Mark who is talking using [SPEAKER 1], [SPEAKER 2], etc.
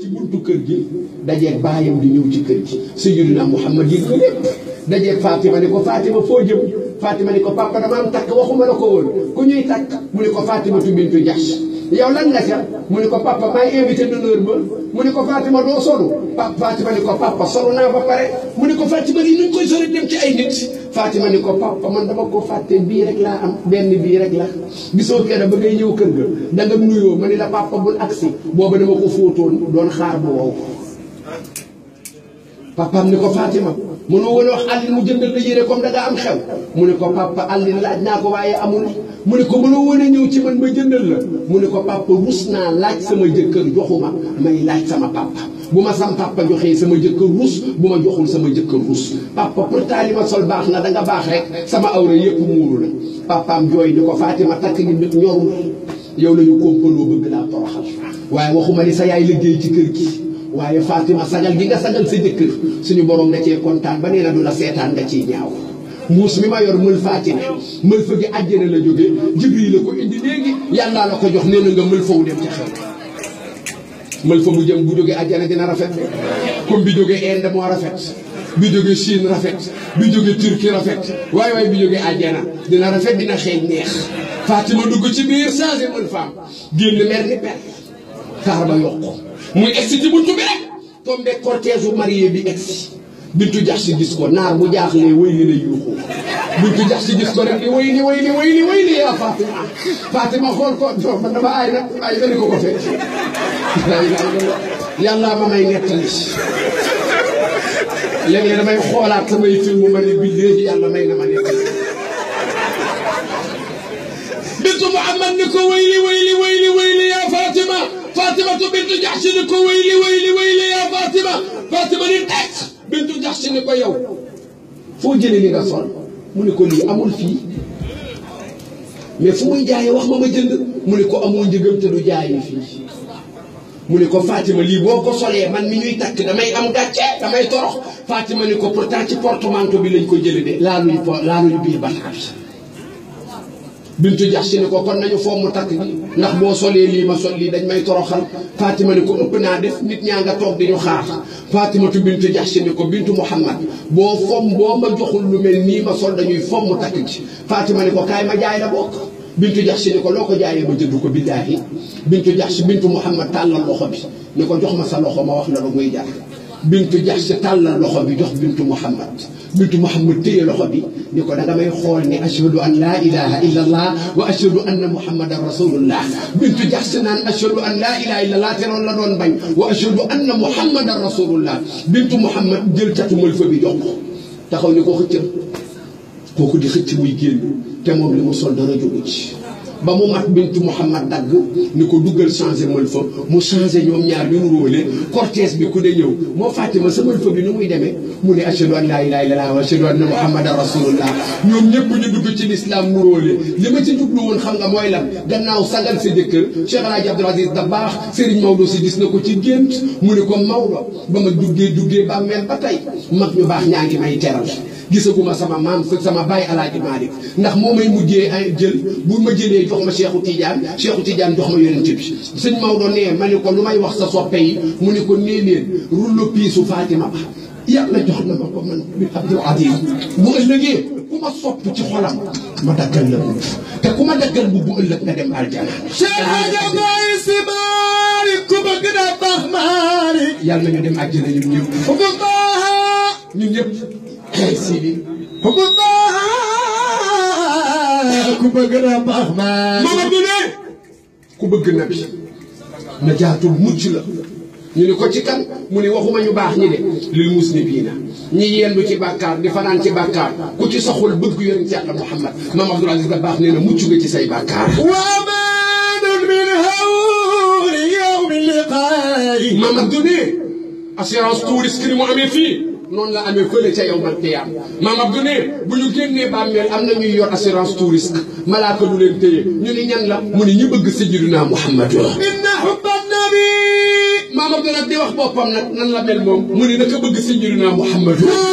[SPEAKER 1] ci buntu kër gi dajeeg baayam di ñëw ci kër gi sayyidina Muhammad yi ko lépp dajeeg Fatima ne ko Fatima foo jëm Fatima ne ko papa dama am takk waxuma la ko woon ku ñuy takk mu ne ko Fatimatu bintu Jahsh yow lan la ca mu ni ko papa maay invité d'honneur ba mu ni ko Fatima doo solu papa Fatima ni ko papa solu naa ba pare mu ni ko Fatima ni ñu koy sori dem ci ay nit Fatima ni ko papa man dama ko fàtte bii rek laa am benn bii rek la gisoo kenn ba ngay ñëw kër gi da nga nuyoo ma ni la papa bul agsi booba dama ko fóotoon doon xaar bu wow papaam ni ko Fatima mënoo woon wax Alioune mu jëndal la yére comme da nga am xew mu ne ko papa Alioune laaj naa ko waaye amul mu ne ko mënoo woon a ñëw ci man ma jëndal la mu ne ko papa rus naa laaj sama jëkkër joxuma may laaj sama papa bu ma sam papa joxee sama jëkkër rus bu ma joxul sama jëkkër rus papa pourtant li ma sol baax na da nga baax rek sama awra yëpp muuru la papaam jooy ni ko Fatima takk ñu nit ñorul yow la ñu kompaloo bëgg laa toroxal waaye waxuma ni sa yaay liggéey ci kër gi waaye Fatima sagal ji nga sagal sa jëkkër suñu borom na cee kontaan ba nee na du la seetaan nga ci ñaaw muus mi ma yor mël Fatima mël fa gi àjjana la jógee Jibril la ko indi léegi la ko jox nee mu jëm bu jógee àjjana dina rafet comme bi jógee Inde moo rafet bi jógee Chine rafet bi jógee Turquie rafet waaye waaye bi jógee àjjana dina rafet dina xeeñ neex Fatima dugg ci biir changé mël faam génn mer ni per taar ba yokk muy egsi ci buntu bi rek tombe cortège u bi egsi bintu jax si gis ko naar bu jaaxlee wéy ni lay yuuxu bintu jax si gis ko rek di wéy ni wéy ni wéy ni wéy ni yaa Fatima ko do man dama aay nag ay bari ko ko fekk ma may nettali léeg xoolaat samay film ma ne billaahi yàlla may na ma nettali bintu Muhammad ni wéy ni wéy ni wéy ni wéy ni jax si ni ko yow foo jëlee li nga sol mu ni ko lii amul fii mais fu muy jaayee wax ma ma jënd mu ni ko amoo njëgam te du jaayi fii mu ne ko Fatima lii boo ko solee man mi ñuy takk damay am gàcce damay torox Fatima ni ko pourtant ci portement bi lañ ko jëlee de laaluñ po laaluñ biir bataab bintu jax si ni ko kon nañu foom mu takk ndax boo solee lii ma sol lii dañ may toroxal fatima ni ko ëpp naa def nit ñaa nga toog di ñu xaar fatimatu bintu jax si ni ko bintu muhammad boo foom boo ma joxul lu mel nii ma sol dañuy foom mu takk ci fatima ni ko kaay ma jaay la bokk bintu jax si ni ko loo ko jaayee ma jënd ko billaahi bintu jax si bintu muhammad tàllal loxo bi ni ko jox ma sa loxo ma wax la lu muy jaar بنت جحش تالا لخو بي بنت محمد بنت محمد تي لخو بي نيكو دا غاماي اشهد ان لا اله الا الله واشهد ان محمد رسول الله بنت جحش نان اشهد ان لا اله الا الله تي لا دون باي واشهد ان محمد رسول الله بنت محمد جلته تاتو ملفو بي جوخ تاخو نيكو خيتم كوكو دي خيتم ba mu mat bintu Mouhamad dagg ni ko duggal changé mëlfa mu changé ñoom ñaar bi ñu róole cortège bi ku ne ñëw moo fàtte ma sa mëlfa bi nu muy demee mu ne ashadu an laa ilaaha illallaah wa ashadu anna Muhammadan rasulullah ñoom ñëpp ñu dugg ci lislaam mu róole li ma ci jublu woon xam nga mooy lan gannaaw sagal sa jëkkër Cheikh Alaaji Abdoul Aziz Dabakh Serigne Maodo si gis na ko ci gént mu ne ko Maodo ba ma duggee duggee bàmmeel ba tey mag ñu baax ñaa ngi may teral gisaguma sama maam sama baay alaaji Malick ndax moo may mujjee ay jël bu ma jëlee jox ma Cheikhu Tidiane Cheikhu Tidiane jox ma yonent bi sëñ Maodo nee ma ni ko lu may wax sa soppe yi mu ni ko nee leen rullu piisu Fatima ba yàlla jox na ma ko man Abdoul Aziz bu ëllëgee ku ma sopp ci xolam ma daggal la te ku ma daggal bu bu ëllëg nga dem aljana Cheikh ku bëgg na baax Malick yàlla na nga dem àjjana ñun ñëpp ñun ñëpp eh, si bi xumu baax ku bëgg na baax maa mama du ku bëgg na bi na jaatul mucc la ñu ni ko ci kan mu ni waxuma ñu baax ñi de lil mus ni bii na ñi yendu ci bàkkaar di fanaan ci bàkkaar ku ci soxul bëgg yoon ci Yàlla Muhammad maam Abdoul Aziz ci say bàkkaar wamanun min hawli yawmi liqaayi maam Abdou ne mu amee noonu la amee fële ca yow man qiyaam maam Abdou ne bu ñu génnee bàmmeel am na ñuy yor assurance touriste malaaka du leen téye ñu ni ñan la mu ni ñu bëgg si sayyidina Muhammad inna hubba nabi maam Abdou a di wax boppam nag nan la mel moom mu ni naka bëgg sayyidina Muhammad